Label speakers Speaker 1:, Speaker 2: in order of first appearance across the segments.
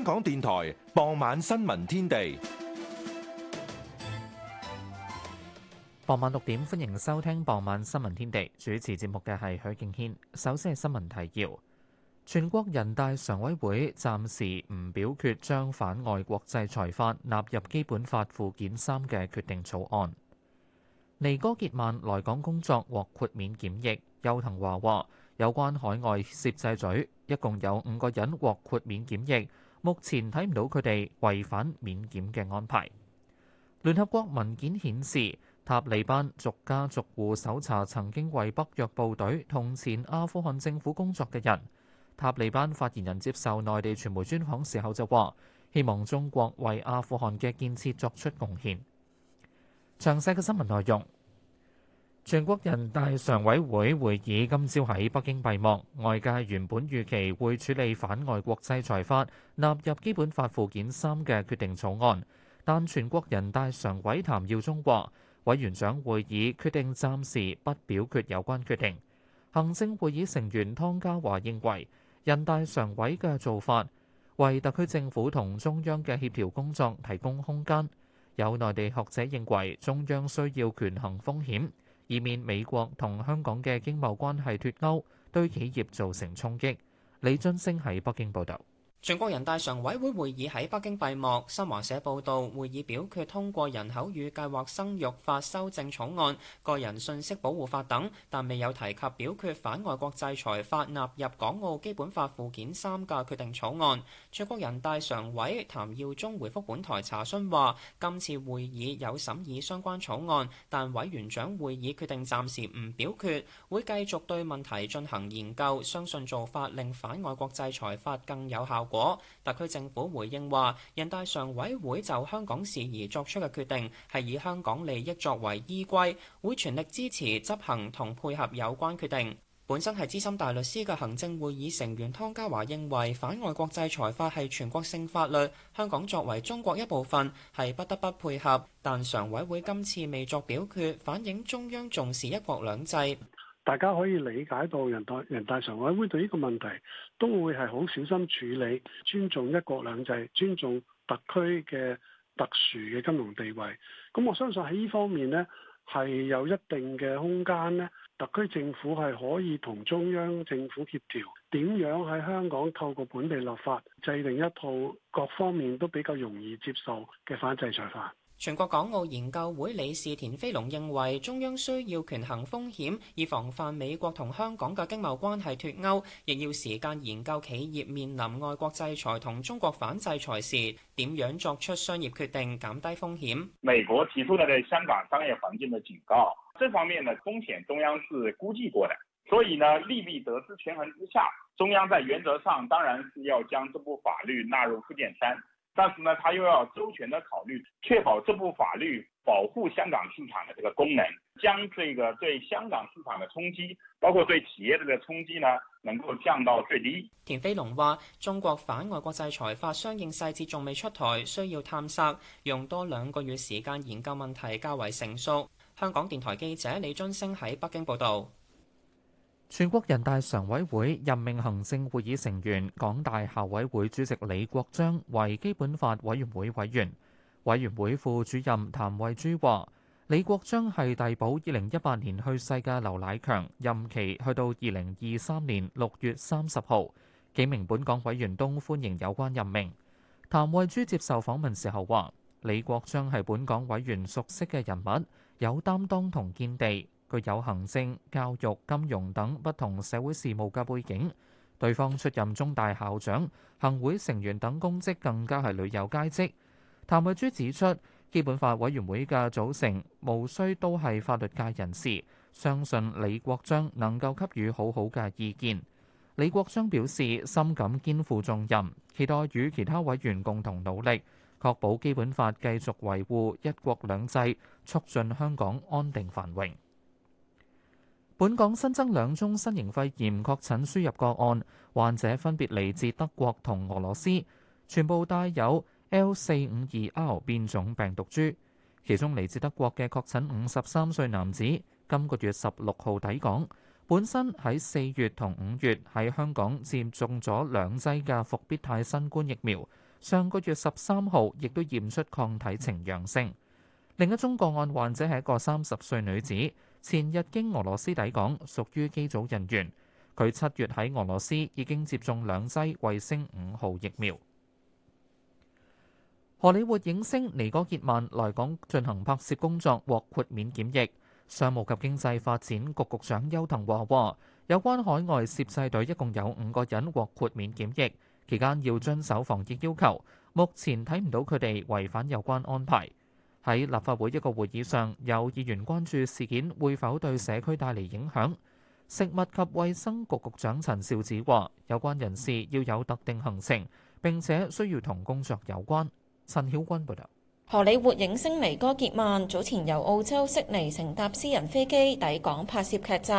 Speaker 1: 香港電台
Speaker 2: 傍晚新聞天地。
Speaker 3: 傍晚六點，歡迎收聽傍晚新聞天地。主持節目嘅係許敬軒。首先係新聞提要：全國人大常委會暫時唔表決將反外國制裁法納入基本法附件三嘅決定草案。尼哥傑曼來港工作獲豁免檢疫。邱騰華話：有關海外攝製隊，一共有五個人獲豁免檢疫。目前睇唔到佢哋違反免檢嘅安排。聯合國文件顯示，塔利班逐家逐戶搜查曾經為北約部隊同前阿富汗政府工作嘅人。塔利班發言人接受內地傳媒專訪時候就話，希望中國為阿富汗嘅建設作出貢獻。詳細嘅新聞內容。全國人大常委會會議今朝喺北京閉幕，外界原本預期會處理反外國制裁法納入基本法附件三嘅決定草案，但全國人大常委譚耀宗話，委員長會議決定暫時不表決有關決定。行政會議成員湯家驊認為，人大常委嘅做法為特區政府同中央嘅協調工作提供空間。有內地學者認為，中央需要權衡風險。以免美國同香港嘅經貿關係脫鈎，對企業造成衝擊。李津升喺北京報導。
Speaker 4: 全國人大常委會會議喺北京閉幕。新華社報道，會議表決通過人口與計劃生育法修正草案、個人信息保護法等，但未有提及表決反外國制裁法納入港澳基本法附件三嘅決定草案。全國人大常委譚耀宗回覆本台查詢話：今次會議有審議相關草案，但委員長會議決定暫時唔表決，會繼續對問題進行研究，相信做法令反外國制裁法更有效。果特區政府回應話，人大常委會就香港事宜作出嘅決定係以香港利益作為依歸，會全力支持執行同配合有關決定。本身係資深大律師嘅行政會議成員湯家驊認為，反外國制裁法係全國性法律，香港作為中國一部分係不得不配合，但常委會今次未作表決，反映中央重視一國兩制。
Speaker 1: 大家可以理解到人大人大常委會對呢個問題。都會係好小心處理，尊重一國兩制，尊重特區嘅特殊嘅金融地位。咁我相信喺呢方面呢，係有一定嘅空間呢，特區政府係可以同中央政府協調，點樣喺香港透過本地立法，制定一套各方面都比較容易接受嘅反制裁法。
Speaker 4: 全國港澳研究會理事田飛龍認為，中央需要權衡風險，以防範美國同香港嘅經貿關係脫鉤，亦要時間研究企業面臨外國制裁同中國反制裁時點樣作出商業決定，減低風險。
Speaker 1: 美國提出了對香港商業環境的警告，這方面嘅風險中央是估計過嘅，所以呢利弊得失權衡之下，中央在原則上，當然是要將這部法律納入附件三。但是呢，他又要周全的考慮，確保這部法律保護香港市場的這個功能，將這個對香港市場的衝擊，包括對企業的這個衝擊呢，能夠降到最低。
Speaker 4: 田飛龍話：中國反外國制裁法相應細節仲未出台，需要探索，用多兩個月時間研究問題較為成熟。香港電台記者李津升喺北京報道。
Speaker 3: 全國人大常委會任命行政會議成員、港大校委會主席李國章為基本法委員會委員。委員會副主任譚惠珠話：李國章係遞補二零一八年去世嘅劉乃強，任期去到二零二三年六月三十號。幾名本港委員都歡迎有關任命。譚惠珠接受訪問時候話：李國章係本港委員熟悉嘅人物，有擔當同見地。具有行政、教育、金融等不同社會事務嘅背景，對方出任中大校長、行會成員等公職，更加係屢有佳績。譚惠珠指出，基本法委員會嘅組成毋須都係法律界人士，相信李國章能夠給予好好嘅意見。李國章表示深感肩負重任，期待與其他委員共同努力，確保基本法繼續維護一國兩制，促進香港安定繁榮。本港新增兩宗新型肺炎確診輸入個案，患者分別嚟自德國同俄羅斯，全部帶有 L 四五二 R 變種病毒株。其中嚟自德國嘅確診五十三歲男子，今個月十六號抵港，本身喺四月同五月喺香港佔中咗兩劑嘅復必泰新冠疫苗，上個月十三號亦都驗出抗體呈陽性。另一宗個案患者係一個三十歲女子。前日經俄羅斯抵港，屬於機組人員。佢七月喺俄羅斯已經接種兩劑衛星五號疫苗。荷里活影星尼哥杰曼來港進行拍攝工作獲豁免檢疫。商務及經濟發展局局長邱騰華話，有關海外攝製隊一共有五個人獲豁免檢疫，期間要遵守防疫要求。目前睇唔到佢哋違反有關安排。喺立法會一個會議上，有議員關注事件會否對社區帶嚟影響。食物及衛生局局長陳肇始話：有關人士要有特定行程，並且需要同工作有關。陳曉君報導。
Speaker 5: 荷里活影星尼哥傑曼早前由澳洲悉尼乘搭私人飛機抵港拍攝劇集，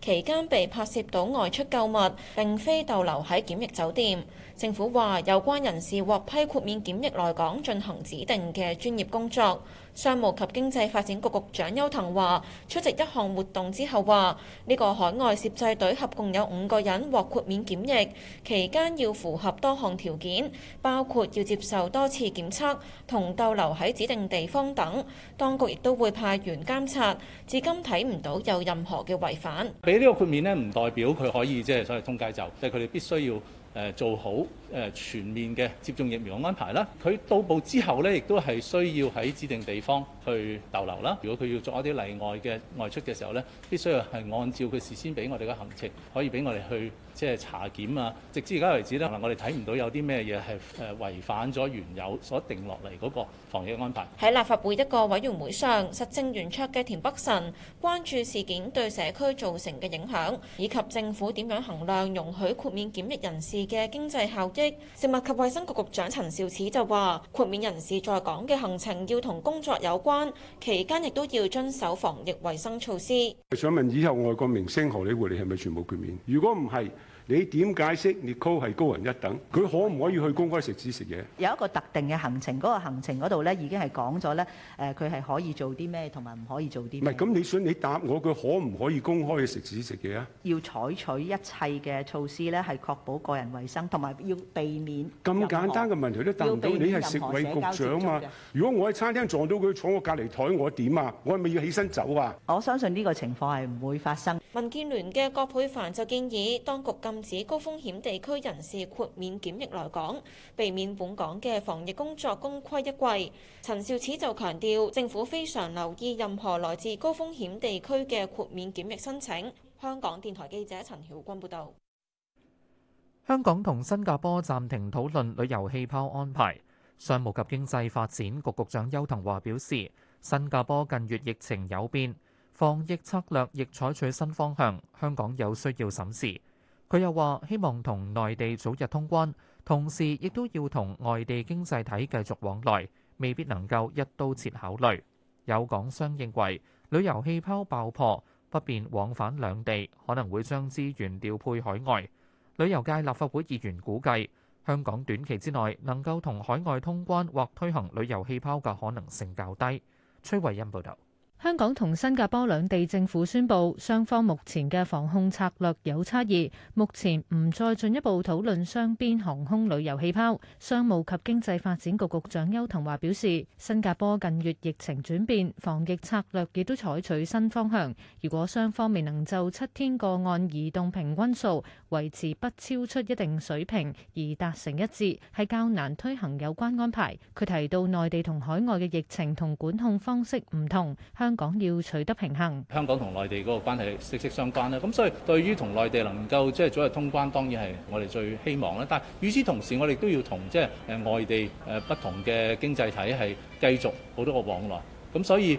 Speaker 5: 期間被拍攝到外出購物，並非逗留喺檢疫酒店。政府話有關人士獲批豁免檢疫來港進行指定嘅專業工作。商務及經濟發展局局長邱騰華話出席一項活動之後，話呢個海外攝製隊合共有五個人獲豁免檢疫，期間要符合多項條件，包括要接受多次檢測同逗留喺指定地方等。當局亦都會派員監察，至今睇唔到有任何嘅違反。
Speaker 2: 俾呢個豁免呢，唔代表佢可以即係所謂通街就，即係佢哋必須要。誒，做好。誒全面嘅接種疫苗嘅安排啦，佢到步之後呢亦都係需要喺指定地方去逗留啦。如果佢要做一啲例外嘅外出嘅時候呢，必須要係按照佢事先俾我哋嘅行程，可以俾我哋去即係查檢啊。直至而家為止咧，可能我哋睇唔到有啲咩嘢係誒違反咗原有所定落嚟嗰個防疫安排。
Speaker 5: 喺立法會一個委員會上，實政圓桌嘅田北辰關注事件對社區造成嘅影響，以及政府點樣衡量容許豁免檢疫人士嘅經濟效益。食物及衛生局局長陳肇始就話，豁免人士在港嘅行程要同工作有關，期間亦都要遵守防疫衛生措施。
Speaker 1: 想問以後外國明星荷里活，你係咪全部豁免？如果唔係，你點解釋？你 c a l 係高人一等，佢可唔可以去公開食肆食嘢？有一個特
Speaker 5: 定
Speaker 6: 嘅行程，嗰、嗰個行程嗰度咧已經係講咗咧，誒佢係可以做啲咩同埋唔可以做啲。唔係
Speaker 1: 咁，你想你答我，佢可唔可以公開去食肆食嘢啊？
Speaker 6: 要採取一切嘅措施咧，係確保個人衞生，同埋要避免。咁簡單嘅問題都答唔到，避你係
Speaker 1: 食衞局長嘛、啊？如果我喺餐廳撞到佢坐我隔離台，我點啊？我係咪要起身走啊？ 我相信呢個情況係唔會發生。
Speaker 5: 民建聯嘅葛珮帆就建議當局禁止高風險地區人士豁免檢疫來港，避免本港嘅防疫工作功虧一簣。陳肇始就強調，政府非常留意任何來自高風險地區嘅豁免檢疫申請。香港電台記者陳曉君報導。
Speaker 3: 香港同新加坡暫停討論旅遊氣泡安排。商務及經濟發展局局長邱騰華表示，新加坡近月疫情有變，防疫策略亦採取新方向，香港有需要審視。佢又話：希望同內地早日通關，同時亦都要同外地經濟體繼續往來，未必能夠一刀切考慮。有港商認為旅遊氣泡爆破，不便往返兩地，可能會將資源調配海外。旅遊界立法會議員估計，香港短期之內能夠同海外通關或推行旅遊氣泡嘅可能性較低。崔惠恩報道。
Speaker 6: 香港同新加坡兩地政府宣布，雙方目前嘅防控策略有差異，目前唔再進一步討論雙邊航空旅遊氣泡。商務及經濟發展局局長邱騰華表示，新加坡近月疫情轉變，防疫策略亦都採取新方向。如果雙方未能就七天個案移動平均數維持不超出一定水平而達成一致，係較難推行有關安排。佢提到，內地同海外嘅疫情同管控方式唔同，香。香港要取得平衡，
Speaker 2: 香港同內地嗰個關係息息相關啦。咁所以對於同內地能夠即係早日通關，當然係我哋最希望啦。但係與此同時，我哋都要同即係誒外地誒不同嘅經濟體系繼續好多個往來。咁所以。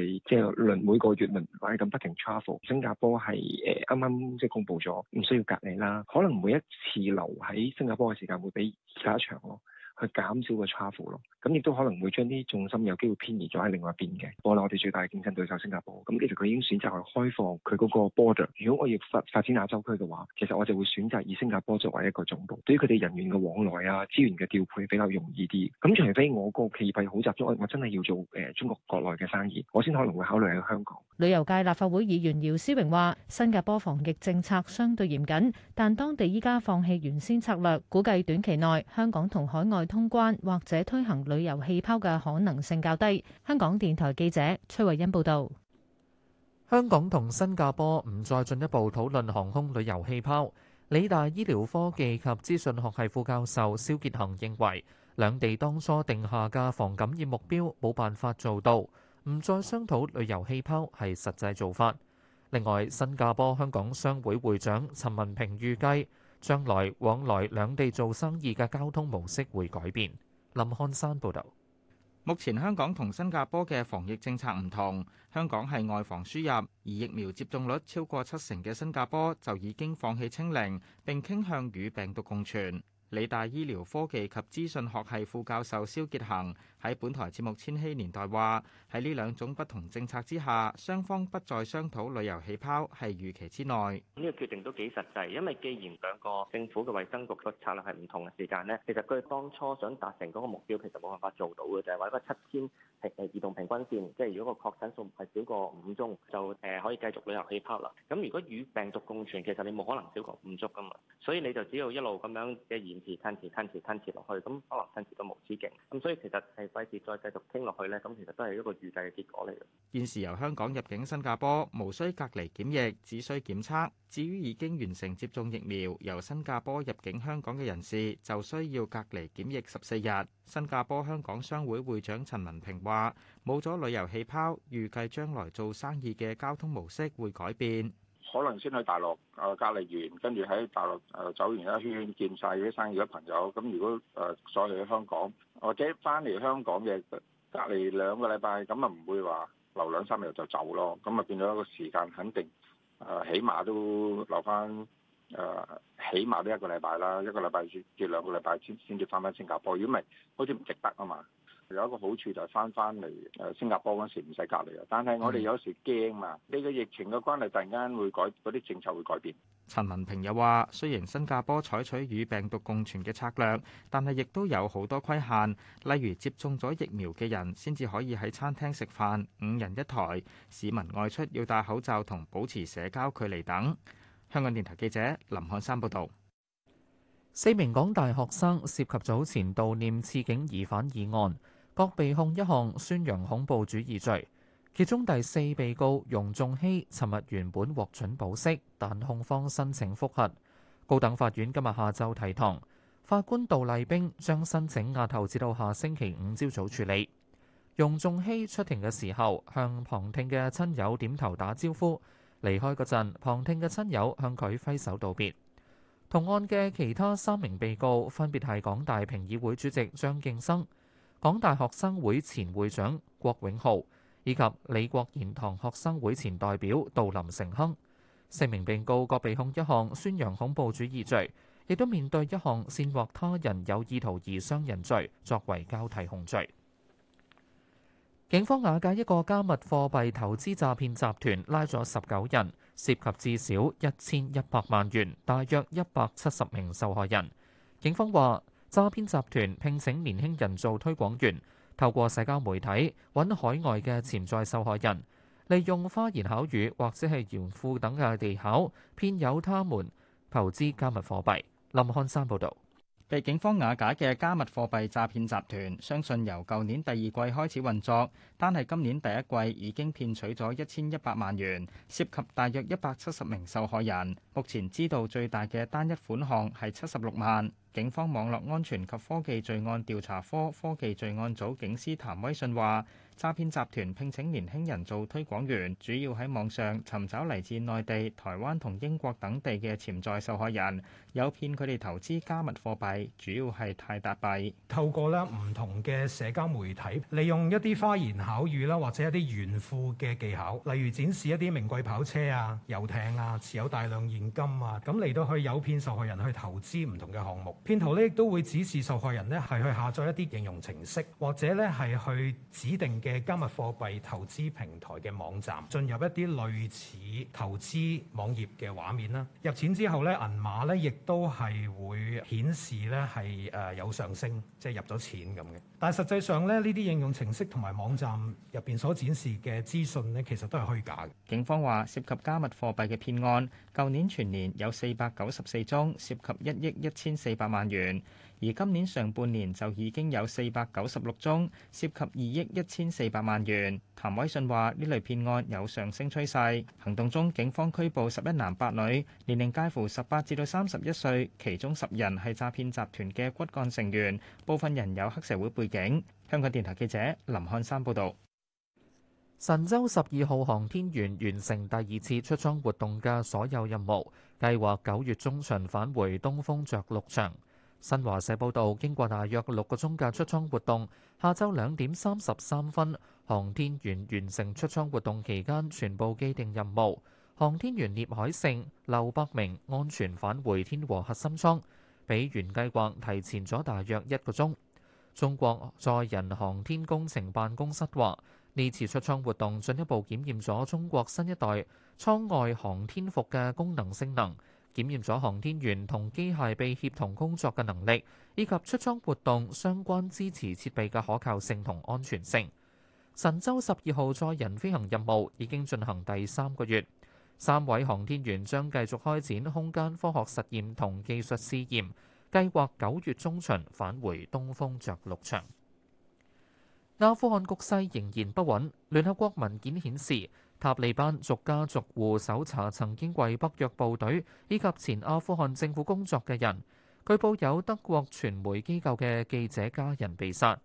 Speaker 7: 你即係輪每個月輪玩咁不停 travel，新加坡係誒啱啱即係公布咗唔需要隔離啦，可能每一次留喺新加坡嘅時間會比而家長咯。去減少個差庫咯，咁亦都可能會將啲重心有機會偏移咗喺另外一邊嘅，包括我哋最大嘅競爭對手新加坡。咁其實佢已經選擇去開放佢嗰個 border。如果我要發發展亞洲區嘅話，其實我就會選擇以新加坡作為一個總部，對於佢哋人員嘅往來啊、資源嘅調配比較容易啲。咁除非我個企業費好集中，我真係要做誒中國國內嘅生意，我先可能會考慮喺香港。
Speaker 6: 旅遊界立法會議員姚思榮話，新加坡防疫政策相對嚴謹，但當地依家放棄原先策略，估計短期內香港同海外，通關或者推行旅遊氣泡嘅可能性較低。香港電台記者崔慧欣報道，
Speaker 3: 香港同新加坡唔再進一步討論航空旅遊氣泡。理大醫療科技及資訊學系副教授蕭杰恒認為，兩地當初定下嘅防感染目標冇辦法做到，唔再商討旅遊氣泡係實際做法。另外，新加坡香港商會會長陳文平預計。將來往來兩地做生意嘅交通模式會改變。林漢山報導，目前香港同新加坡嘅防疫政策唔同，香港係外防
Speaker 8: 輸入，而疫苗接種率超過七成嘅新加坡就已經放棄清零，並傾向與病毒共存。理大醫療科技及資訊學系副教授蕭傑恒喺本台節目《千禧年代》話：喺呢兩種不同政策之下，雙方不再商討旅遊氣泡係預期之內。
Speaker 9: 呢個決定都幾實際，因為既然兩個政府嘅衛生局嘅策略係唔同嘅時間呢，其實佢哋當初想達成嗰個目標其實冇辦法做到嘅，就係話一個七天平誒移動平均線，即係如果個確診數係少過五宗就誒可以繼續旅遊氣泡啦。咁如果與病毒共存，其實你冇可能少過五足㗎嘛，所以你就只要一路咁樣嘅延。吞蝕吞蝕吞蝕落去，咁可能吞蝕到無止境。咁所以其實係費事再繼續傾落去呢，咁其實都係一個預計嘅結果嚟嘅。
Speaker 8: 現時由香港入境新加坡無需隔離檢疫，只需檢測。至於已經完成接種疫苗由新加坡入境香港嘅人士，就需要隔離檢疫十四日。新加坡香港商會會長陳文平話：冇咗旅遊氣泡，預計將來做生意嘅交通模式會改變。
Speaker 1: 可能先去大陸啊、呃，隔離完，跟住喺大陸誒、呃、走完一圈，見晒啲生意嘅朋友。咁如果所、呃、再去香港，或者翻嚟香港嘅隔隔離兩個禮拜，咁啊唔會話留兩三日就走咯。咁啊變咗一個時間，肯定誒、呃、起碼都留翻誒、呃、起碼都一個禮拜啦，一個禮拜至至兩個禮拜先先至翻翻新加坡。如果唔係，好似唔值得啊嘛。有一個好處就係翻翻嚟新加坡嗰時唔使隔離啊！但係我哋有時驚啊，呢個疫情嘅關係突然間會改嗰啲政策會改變。
Speaker 8: 陳文平又話雖然新加坡採取與病毒共存嘅策略，但係亦都有好多規限，例如接種咗疫苗嘅人先至可以喺餐廳食飯五人一台，市民外出要戴口罩同保持社交距離等。香港電台記者林漢山報道。
Speaker 3: 四名港大學生涉及早前悼念刺警疑犯議案。各被控一項宣揚恐怖主義罪，其中第四被告容仲希，尋日原本獲准保釋，但控方申請覆核。高等法院今日下晝提堂，法官杜麗冰將申請押後，至到下星期五朝早處理。容仲希出庭嘅時候，向旁聽嘅親友點頭打招呼，離開嗰陣，旁聽嘅親友向佢揮手道別。同案嘅其他三名被告分別係港大評議會主席張敬生、港大學生會前會長郭永浩以及李國賢堂學生會前代表杜林成亨，四名被告各被控一項宣揚恐怖主義罪，亦都面對一項煽惑他人有意圖而傷人罪，作為交替控罪。警方瓦解一個加密貨幣投資詐騙集團，拉咗十九人，涉及至少一千一百萬元，大約一百七十名受害人。警方話：詐騙集團聘請年輕人做推廣員，透過社交媒體揾海外嘅潛在受害人，利用花言巧語或者係言庫等嘅技巧騙誘他們投資加密貨幣。林漢山報導。被警方瓦解嘅加密貨幣詐騙集團相信
Speaker 8: 由舊年第二季開始運作，單係今年第一季已經騙取咗一千一百萬元，涉及大約一百七十名受害人。目前知道最大嘅單一款項係七十六萬。警方網絡安全及科技罪案調查科科技罪案組警司譚威信話，詐騙集團聘請年輕人做推廣員，主要喺網上尋找嚟自內地、台灣同英國等地嘅潛在受害人。有騙佢哋投資加密貨幣，主要係泰達幣。透過咧唔同嘅社交媒體，利用一啲花言巧語啦，或者一啲炫富嘅技巧，例如展示一啲名貴跑車啊、遊艇啊，持有大量現金啊，咁嚟到去有騙受害人去投資唔同嘅項目。騙徒呢亦都會指示受害人咧係去下載一啲應用程式，或者咧係去指定嘅加密貨幣投資平台嘅網站，進入一啲類似投資網頁嘅畫面啦。入錢之後咧，銀碼咧亦，都係會顯示咧係誒有上升，即係入咗錢咁嘅。但係實際上咧，呢啲應用程式同埋網站入邊所展示嘅資訊呢，其實都係虛假。警方話，涉及加密貨幣嘅騙案，舊年全年有四百九十四宗，涉及一億一千四百萬元。而今年上半年就已經有四百九十六宗，涉及二億一千四百萬元。譚偉信話呢類騙案有上升趨勢。行動中，警方拘捕十一男八女，年齡介乎十八至到三十一歲，其中十人係詐騙集團嘅骨幹成員，部分人有黑社會背景。
Speaker 3: 香港電台記者林漢山報道。神舟十二號航天員完成第二次出艙活動嘅所有任務，計劃九月中旬返回東風着陸場。新華社報道，經過大約六個鐘嘅出艙活動，下晝兩點三十三分，航天員完成出艙活動期間全部既定任務，航天員聶海勝、劉伯明安全返回天和核心艙，比原計劃提前咗大約一個鐘。中國載人航天工程辦公室話呢次出艙活動進一步檢驗咗中國新一代艙外航天服嘅功能性能。檢驗咗航天員同機械臂協同工作嘅能力，以及出艙活動相關支持設備嘅可靠性同安全性。神舟十二號載人飛行任務已經進行第三個月，三位航天員將繼續開展空間科學實驗同技術試驗，計劃九月中旬返回東風着陸場。阿富汗局勢仍然不穩，聯合國文件顯示。塔利班逐家逐戶搜查曾經為北約部隊以及前阿富汗政府工作嘅人，據報有德國傳媒機構嘅記者家人被殺。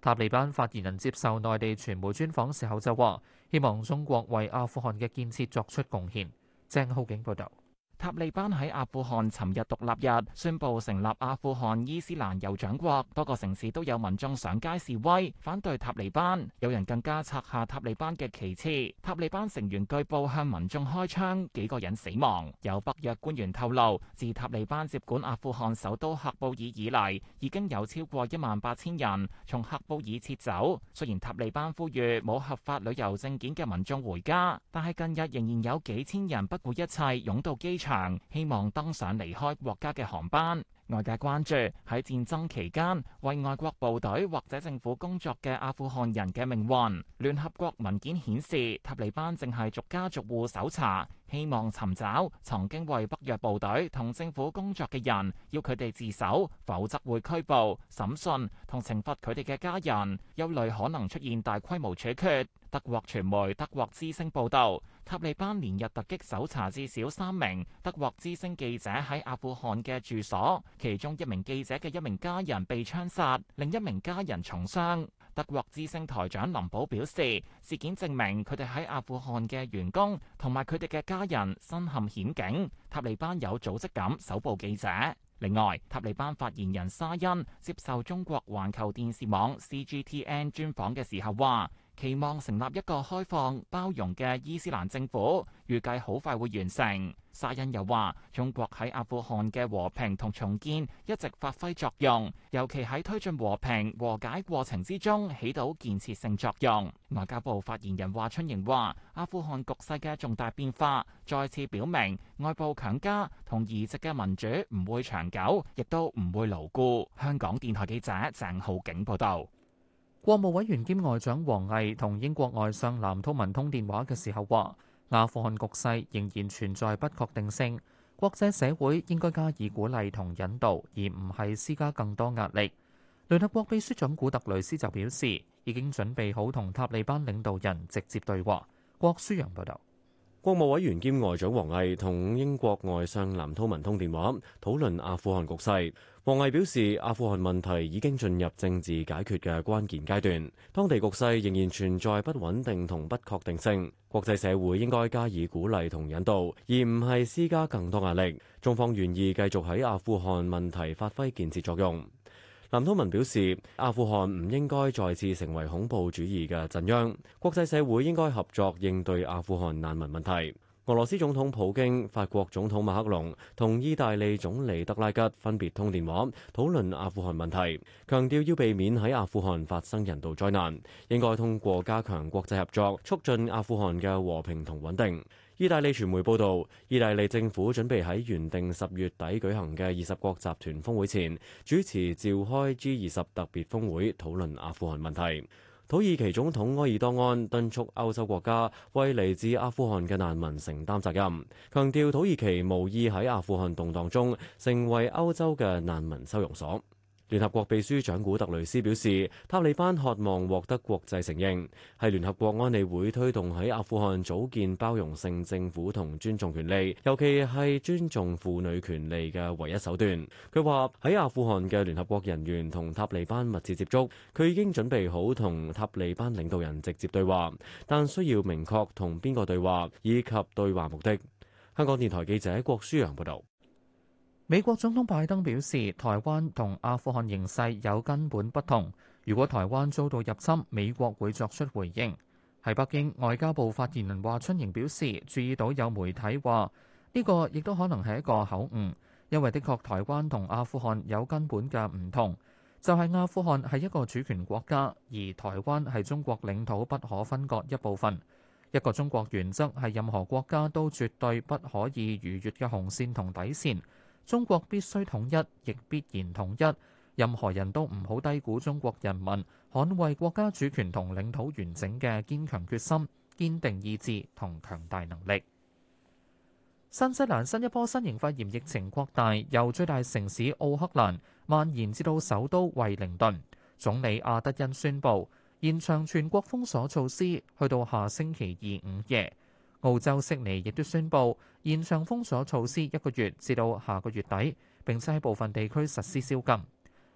Speaker 3: 塔利班發言人接受內地傳媒專訪時候就話，希望中國為阿富汗嘅
Speaker 7: 建設作出貢獻。鄭浩景報道。塔利班喺阿富汗尋日獨立日宣布成立阿富汗伊斯蘭酋長國，多個城市都有民眾上街示威反對塔利班，有人更加拆下塔利班嘅旗幟。塔利班成員據報向民眾開槍，幾個人死亡。有北約官員透露，自塔利班接管阿富汗首都喀布爾以嚟，已經有超過一萬八千人從喀布爾撤走。雖然塔利班呼籲冇合法旅遊證件嘅民眾回家，但係近日仍然有幾千人不顧一切湧到機希望登上離開國家嘅航班。外界關注喺戰爭期間為外國部隊或者政府工作嘅阿富汗人嘅命運。聯合國文件顯示，塔利班正係逐家逐戶搜查，希望尋找曾經為北約部隊同政府工作嘅人，要佢哋自首，否則會拘捕、審訊同懲罰佢哋嘅家人。憂慮可能出現大規模處決。德國傳媒《德國之聲》報道。塔利班連日突擊搜查至少三名德國之聲記者喺阿富汗嘅住所，其中一名記者嘅一名家人被槍殺，另一名家人重傷。德國之聲台長林保表示，事件證明佢哋喺阿富汗嘅員工同埋佢哋嘅家人身陷險境。塔利班有組織噉，搜捕記者。另外，塔利班發言人沙欣接受中國環球電視網 CGTN 專訪嘅時候話。期望成立一個開放包容嘅伊斯蘭政府，預計好快會完成。沙欣又話中國喺阿富汗嘅和平同重建一直發揮作用，尤其喺推進和平和解過程之中起到建設性作用。外交部發言人華春瑩話，阿富汗局勢嘅重大變化，再次表明外部強加同移植嘅民主唔會長久，亦都唔會牢固。香港電台記者鄭浩景報道。
Speaker 3: 國務委員兼外長王毅同英國外相藍韜文通電話嘅時候話，阿富汗局勢仍然存在不確定性，國際社會應該加以鼓勵同引導，而唔係施加更多壓力。聯合國秘書長古特雷斯就表示，已經準備好同塔利班領導人直接對話。郭舒揚報道。
Speaker 9: 國務委員兼外長王毅同英國外相藍韜文通電話，討論阿富汗局勢。王毅表示，阿富汗問題已經進入政治解決嘅關鍵階段，當地局勢仍然存在不穩定同不確定性，國際社會應該加以鼓勵同引導，而唔係施加更多壓力。中方願意繼續喺阿富汗問題發揮建設作用。林通文表示，阿富汗唔應該再次成為恐怖主義嘅震央，國際社會應該合作應對阿富汗難民問題。俄羅斯總統普京、法國總統馬克龍同意大利總理德拉吉分別通電話，討論阿富汗問題，強調要避免喺阿富汗發生人道災難，應該通過加強國際合作，促進阿富汗嘅和平同穩定。意大利傳媒報導，意大利政府準備喺原定十月底舉行嘅二十國集團峰會前，主持召開 G 二十特別峰會討論阿富汗問題。土耳其總統埃爾多安敦促歐洲國家為嚟自阿富汗嘅難民承擔責任，強調土耳其無意喺阿富汗動盪中成為歐洲嘅難民收容所。聯合國秘書長古特雷斯表示，塔利班渴望獲得國際承認，係聯合國安理會推動喺阿富汗組建包容性政府同尊重權利，尤其係尊重婦女權利嘅唯一手段。佢話：喺阿富汗嘅聯合國人員同塔利班密切接觸，佢已經準備好同塔利班領導人直接對話，但需要明確同邊個對話以及對話目的。香港電台記者郭舒陽報道。
Speaker 3: 美國總統拜登表示，台灣同阿富汗形勢有根本不同。如果台灣遭到入侵，美國會作出回應，喺北京，外交部發言人華春瑩表示，注意到有媒體話呢個亦都可能係一個口誤，因為的確台灣同阿富汗有根本嘅唔同，就係阿富汗係一個主權國家，而台灣係中國領土不可分割一部分。一個中國原則係任何國家都絕對不可以逾越嘅紅線同底線。中國必須統一，亦必然統一。任何人都唔好低估中國人民捍衛國家主權同領土完整嘅堅強決心、堅定意志同強大能力。新西蘭新一波新型肺炎疫情擴大，由最大城市奧克蘭蔓延至到首都惠靈頓。總理阿德恩宣布，延長全國封鎖措施，去到下星期二午夜。澳洲悉尼亦都宣布延長封鎖措施一個月，至到下個月底，並且喺部分地區實施宵禁。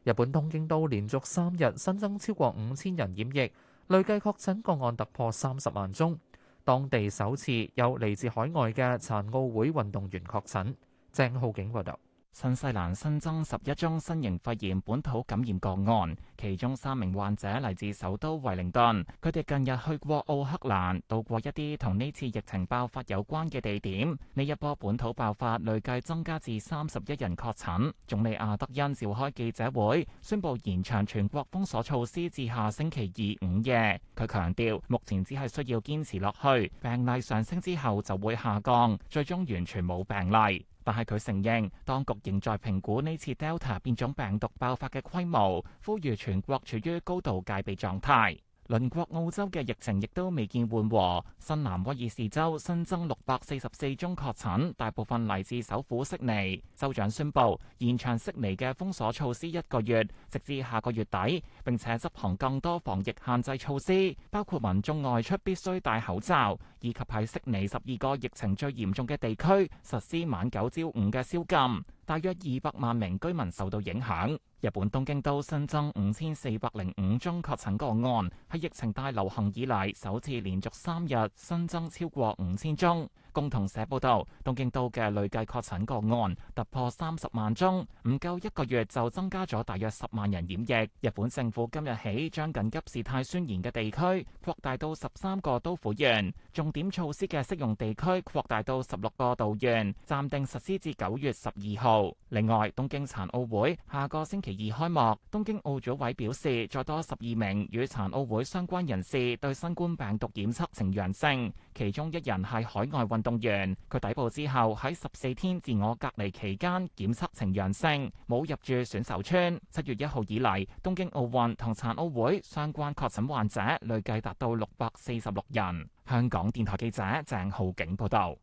Speaker 3: 日本東京都連續三日新增超過五千人染疫，累計確診個案突破三十萬宗，當地首次有
Speaker 7: 嚟自海外嘅殘奧會運動員確診，鄭浩景報導。新西蘭新增十一宗新型肺炎本土感染個案，其中三名患者嚟自首都惠靈頓，佢哋近日去過奧克蘭，到過一啲同呢次疫情爆發有關嘅地點。呢一波本土爆發累計增加至三十一人確診。總理阿德恩召開記者會，宣布延長全國封鎖措施至下星期二午夜。佢強調，目前只係需要堅持落去，病例上升之後就會下降，最終完全冇病例。但係佢承認，當局仍在評估呢次 Delta 變種病毒爆發嘅規模，呼籲全國處於高度戒備狀態。鄰國澳洲嘅疫情亦都未見緩和，新南威爾士州新增六百四十四宗確診，大部分嚟自首府悉尼。州長宣布延長悉尼嘅封鎖措施一個月，直至下個月底，並且執行更多防疫限制措施，包括民眾外出必須戴口罩，以及喺悉尼十二個疫情最嚴重嘅地區實施晚九朝五嘅宵禁。大約二百萬名居民受到影響。日本東京都新增五千四百零五宗確診個案，喺疫情大流行以嚟首次連續三日新增超過五千宗。共同社報道，東京都嘅累計確診個案突破三十萬宗，唔夠一個月就增加咗大約十萬人染疫。日本政府今日起將緊急事態宣言嘅地區擴大到十三個都府縣，重點措施嘅適用地區擴大到十六個道縣，暫定實施至九月十二號。另外，東京殘奧會下個星期二開幕，東京奧組委表示，再多十二名與殘奧會相關人士對新冠病毒檢測呈陽性。其中一人係海外運動員，佢抵埗之後喺十四天自我隔離期間檢測呈陽性，冇入住選手村。七月一號以嚟，東京奧運同殘奧會相關確診患者累計達到六百四十六人。香港電台記者鄭浩景報道。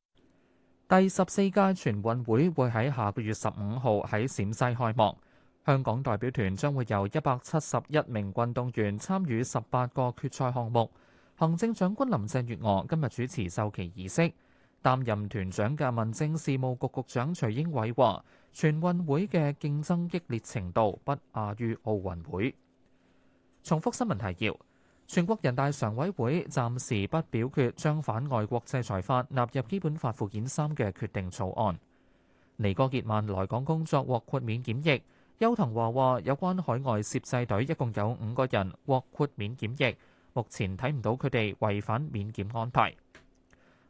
Speaker 7: 第十四屆全運會會喺下個月十五號喺陝
Speaker 3: 西開幕，香港代表團將會由一百七十一名運動員參與十八個決賽項目。行政長官林鄭月娥今日主持授旗儀式。擔任團長嘅民政事務局局長徐英偉話：全運會嘅競爭激烈程度不亞於奧運會。重複新聞提要：全國人大常委會暫時不表決將反外國制裁法納入基本法附件三嘅決定草案。尼哥傑曼來港工作獲豁免檢疫。邱騰華話：有關海外攝製隊一共有五個人獲豁免檢疫。目前睇唔到佢哋違反免檢安排。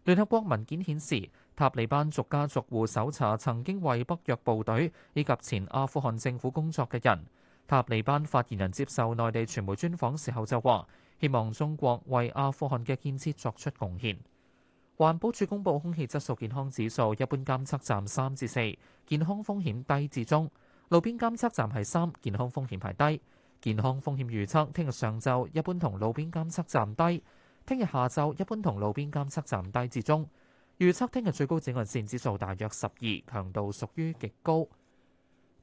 Speaker 3: 聯合國文件顯示，塔利班逐家逐戶搜查曾經為北約部隊以及前阿富汗政府工作嘅人。塔利班發言人接受內地傳媒專訪時候就話，希望中國為阿富汗嘅建設作出貢獻。環保署公布空氣質素健康指數，一般監測站三至四，健康風險低至中；路邊監測站係三，健康風險排低。健康風險預測：聽日上晝一般同路邊監測站低，聽日下晝一般同路邊監測站低至中。預測聽日最高紫外線指數大約十二，強度屬於極高。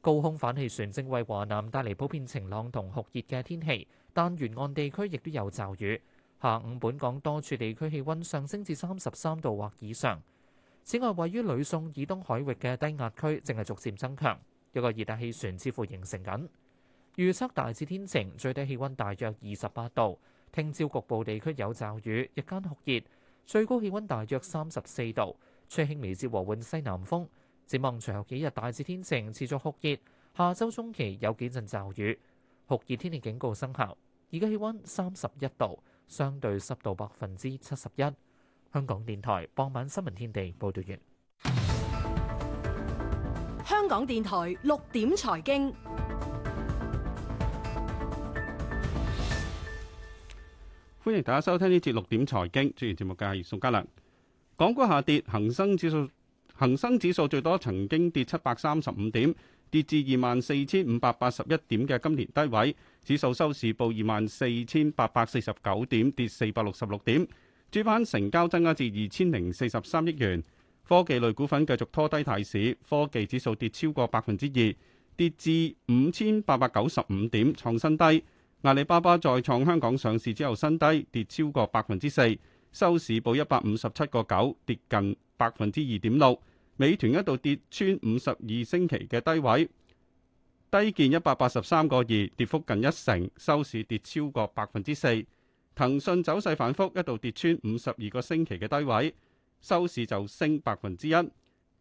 Speaker 3: 高空反氣旋正為華南帶嚟普遍晴朗同酷熱嘅天氣，但沿岸地區亦都有驟雨。下午本港多處地區氣温上升至三十三度或以上。此外，位於呂宋以東海域嘅低壓區正係逐漸增強，一個熱帶氣旋似乎形成緊。預測大致天晴，最低氣温大約二十八度，聽朝局部地區有驟雨，日間酷熱，最高氣温大約三十四度，吹輕微至和緩西南風。展望隨後幾日大致天晴，持續酷熱，下周中期有幾陣驟雨，酷熱天氣警告生效。而家氣温三十一度，相對濕度百分之七十一。香港電台傍晚新聞天地報道完。
Speaker 6: 香港電台六點財經。
Speaker 1: 歡迎大家收聽呢節六點財經，主持節目嘅係宋嘉良。港股下跌，恒生指數恒生指數最多曾經跌七百三十五點，跌至二萬四千五百八十一點嘅今年低位。指數收市報二萬四千八百四十九點，跌四百六十六點。主板成交增加至二千零四十三億元。科技類股份繼續拖低大市，科技指數跌超過百分之二，跌至五千八百九十五點，創新低。阿里巴巴再創香港上市之後新低，跌超過百分之四，收市報一百五十七個九，跌近百分之二點六。美團一度跌穿五十二星期嘅低位，低見一百八十三個二，跌幅近一成，收市跌超過百分之四。騰訊走勢反復，一度跌穿五十二個星期嘅低位，收市就升百分之一。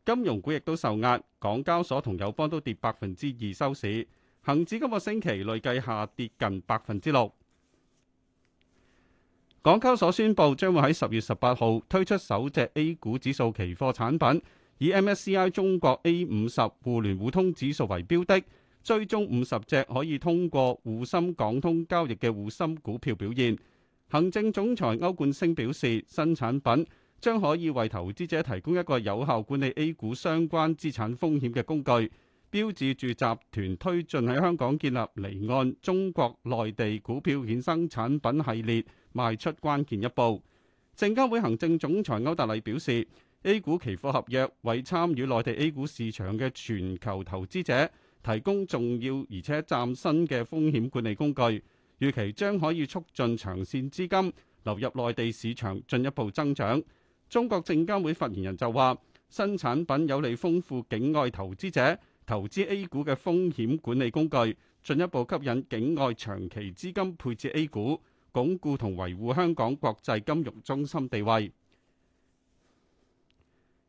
Speaker 1: 金融股亦都受壓，港交所同友邦都跌百分之二，收市。恒指今個星期累計下跌近百分之六。港交所宣佈將會喺十月十八號推出首隻 A 股指數期貨產品，以 MSCI 中國 A 五十互聯互通指數為標的，追蹤五十隻可以通過滬深港通交易嘅滬深股票表現。行政總裁歐冠昇表示，新產品將可以為投資者提供一個有效管理 A 股相關資產風險嘅工具。標誌住集團推進喺香港建立離岸中國內地股票衍生產品系列，邁出關鍵一步。證監會行政總裁歐達利表示，A 股期貨合約為參與內地 A 股市場嘅全球投資者提供重要而且嶄新嘅風險管理工具，預期將可以促進長線資金流入內地市場，進一步增長。中國證監會發言人就話，新產品有利豐富境外投資者。投資 A 股嘅風險管理工具，進一步吸引境外長期資金配置 A 股，鞏固同維護香港國際金融中心地位。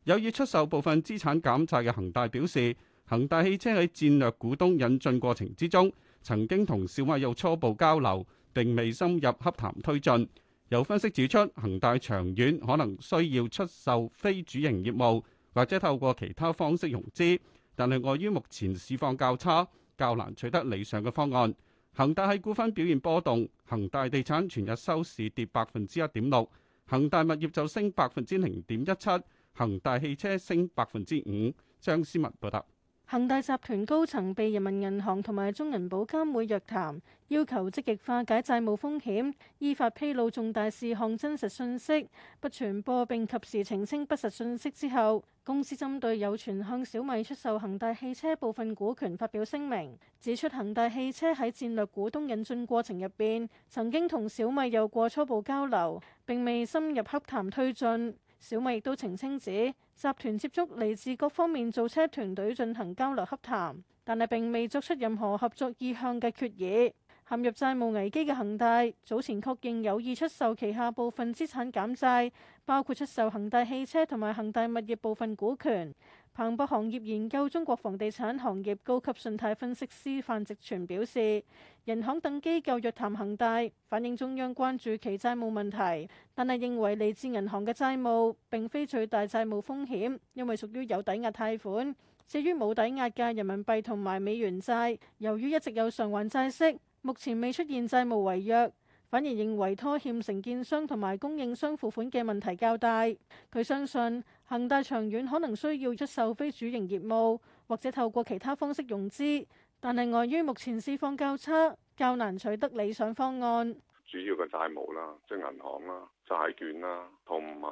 Speaker 1: 有意出售部分資產減債嘅恒大表示，恒大汽車喺戰略股東引進過程之中，曾經同小米有初步交流，並未深入洽談推進。有分析指出，恒大長遠可能需要出售非主營業務，或者透過其他方式融資。但係礙於目前市況較差，較難取得理想嘅方案。恒大系股份表現波動，恒大地產全日收市跌百分之一點六，恒大物業就升百分之零點一七，恒大汽車升百分之五。張思文報道。
Speaker 10: 恒大集團高層被人民銀行同埋中銀保監會約談，要求積極化解債務風險，依法披露重大事項真實信息，不傳播並及時澄清不實信息之後，公司針對有傳向小米出售恒大汽車部分股權發表聲明，指出恒大汽車喺戰略股東引進過程入邊，曾經同小米有過初步交流，並未深入洽談推進。小米亦都澄清指，集團接觸嚟自各方面造車團隊進行交流洽談，但係並未作出任何合作意向嘅決議。陷入債務危機嘅恒大，早前確認有意出售旗下部分資產減債，包括出售恒大汽車同埋恒大物業部分股權。彭博行業研究中國房地產行業高級信貸分析師范植全表示，銀行等機構約談恒大，反映中央關注其債務問題，但係認為來自銀行嘅債務並非最大債務風險，因為屬於有抵押貸款。至於冇抵押嘅人民幣同埋美元債，由於一直有償還債息，目前未出現債務違約，反而認為拖欠承建商同埋供應商付款嘅問題較大。佢相信，恒大長遠可能需要出售非主營業務，或者透過其他方式融資，但係礙於目前市況較差，較難取得理想方案。主
Speaker 1: 要嘅債務啦，即係銀行啦。債券啦、啊，同埋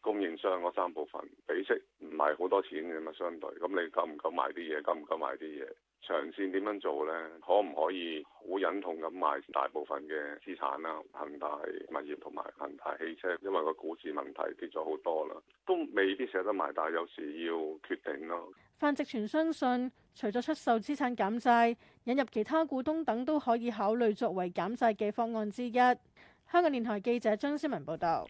Speaker 1: 供應商嗰三部分，比息唔係好多錢嘅嘛，相對咁你夠唔夠買啲嘢？夠唔夠買啲嘢？長線點樣做呢？可唔可以好忍痛咁賣大部分嘅資產啦、啊？恒大物業同埋恒大汽車，因為個股市問題跌咗好多啦，都未必捨得賣，但係有時要決定咯。
Speaker 10: 范植泉相信，除咗出售資產減債，引入其他股東等都可以考慮作為減債嘅方案之一。香港電台記者張思文報道：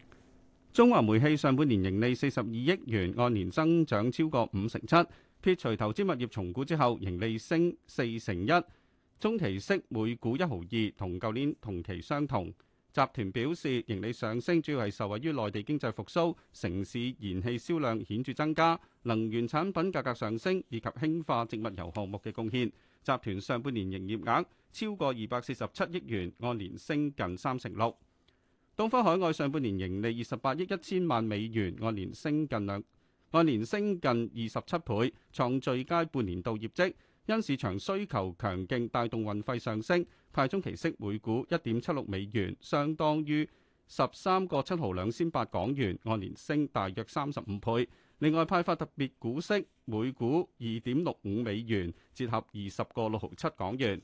Speaker 1: 中華煤氣上半年盈利四十二億元，按年增長超過五成七。撇除投資物業重估之後，盈利升四成一，中期息每股一毫二，同舊年同期相同。集團表示，盈利上升主要係受惠於內地經濟復蘇、城市燃氣銷量顯著增加、能源產品價格上升以及氫化植物油項目嘅貢獻。集團上半年營業額超過二百四十七億元，按年升近三成六。東方海外上半年盈利二十八億一千萬美元，按年升近兩，按年升近二十七倍，創最佳半年度業績。因市場需求強勁，帶動運費上升。派中期息每股一點七六美元，相當於十三個七毫兩仙八港元，按年升大約三十五倍。另外派發特別股息每股二點六五美元，折合二十個六毫七港元。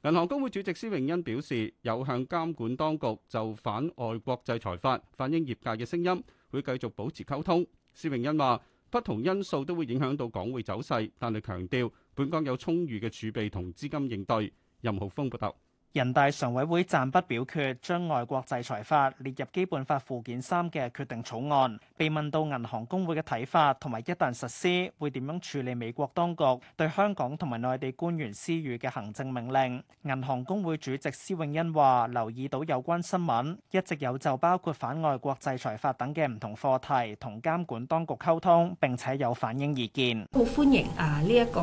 Speaker 1: 銀行公會主席施榮恩表示，有向監管當局就反外國制裁法反映業界嘅聲音，會繼續保持溝通。施榮恩話，不同因素都會影響到港匯走勢，但係強調本港有充裕嘅儲備同資金應對。任浩峰報道。人大常委會暫不表決
Speaker 8: 將外國制裁法列入基本法附件三嘅決定草案。被問到銀行工會嘅睇法，同埋一旦實施會點樣處理美國當局對香港同埋內地官員施予嘅行政命令，銀行工會主席施永恩話：留意到有關新聞，一直有就包括反外國制裁法等嘅唔同課題同監管
Speaker 6: 當局溝通，並且有反映
Speaker 8: 意見。
Speaker 5: 好歡迎啊呢
Speaker 6: 一個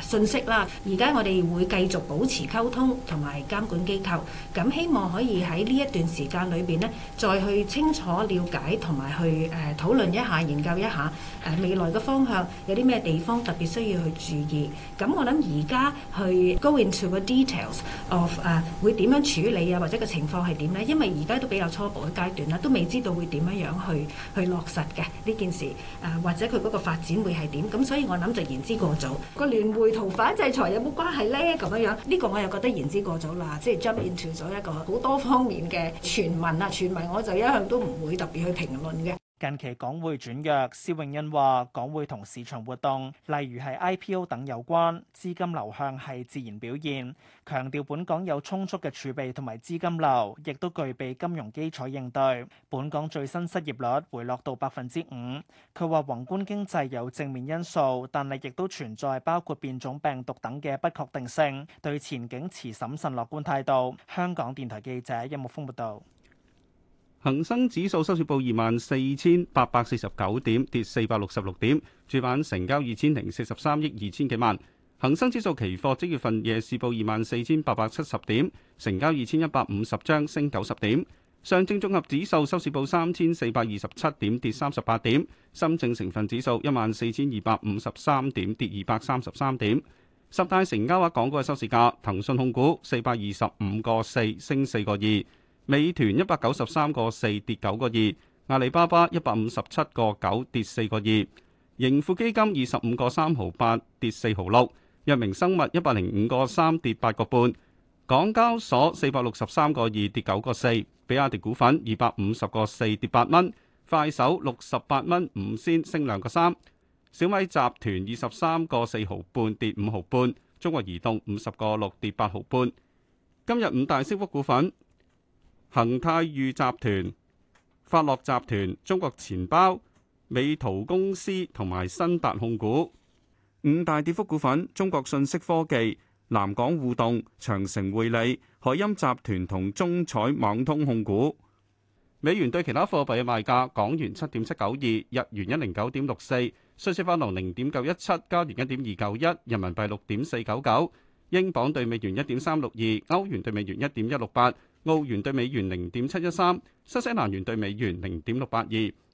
Speaker 6: 誒信息啦！而家我哋會繼續保持溝通同埋。監管機構咁希望可以喺呢一段時間裏邊咧，再去清楚了解同埋去誒討論一下，研究一下誒未來嘅方向有啲咩地方特別需要去注意。咁我諗而家去 go into 個 details of 誒會點樣處理啊，或者個情況係點咧？因為而家都比較初步嘅階段啦，都未知道會點樣樣去去落實嘅呢件事誒，或者佢嗰個發展會係點？咁所以我諗就言之過早。
Speaker 10: 個聯匯同反制
Speaker 6: 裁有冇關係咧？咁樣樣呢個我又覺得言之過早啦。啊！即係 jump into 咗一個好多方面嘅傳聞啊，傳聞我就一向都唔會特別去評論嘅。
Speaker 8: 近期港匯轉弱，蕭永恩話港匯同市場活動，例如係 IPO 等有關，資金流向係自然表現。強調本港有充足嘅儲備同埋資金流，亦都具備金融基礎應對。本港最新失業率回落到百分之五，佢話宏觀經濟有正面因素，但係亦都存在包括變種病毒等嘅不確定性，對前景持審慎樂觀態度。香港電台記者任木峯報道。有
Speaker 1: 恒生指數收市報二萬四千八百四十九點，跌四百六十六點。主板成交二千零四十三億二千幾萬。恒生指數期貨即月份夜市報二萬四千八百七十點，成交二千一百五十張，升九十點。上證綜合指數收市報三千四百二十七點，跌三十八點。深證成分指數一萬四千二百五十三點，跌二百三十三點。十大成交額港股嘅收市價，騰訊控股四百二十五個四，升四個二。美團一百九十三個四跌九個二，阿里巴巴一百五十七個九跌四個二，盈富基金二十五個三毫八跌四毫六，藥明生物一百零五個三跌八個半，港交所四百六十三個二跌九個四，比亞迪股份二百五十個四跌八蚊，快手六十八蚊五仙升兩個三，小米集團二十三個四毫半跌五毫半，中國移動五十個六跌八毫半。今日五大升幅股份。恒泰裕集團、法樂集團、中國錢包、美圖公司同埋新達控股。五大跌幅股份。中國信息科技、南港互動、長城匯利、海鑫集團同中彩網通控股。美元對其他貨幣嘅賣價：港元七點七九二，日元一零九點六四，瑞士法郎零點九一七，加元一點二九一，人民幣六點四九九，英鎊對美元一點三六二，歐元對美元一點一六八。澳元兌美元零點七一三，新西蘭元兌美元零點六八二，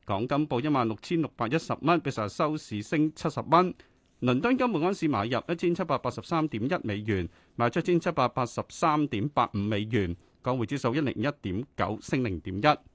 Speaker 1: 港金報一萬六千六百一十蚊，比上日收市升七十蚊。倫敦金每盎司買入一千七百八十三點一美元，賣出一千七百八十三點八五美元。港匯指數一零一點九，升零點一。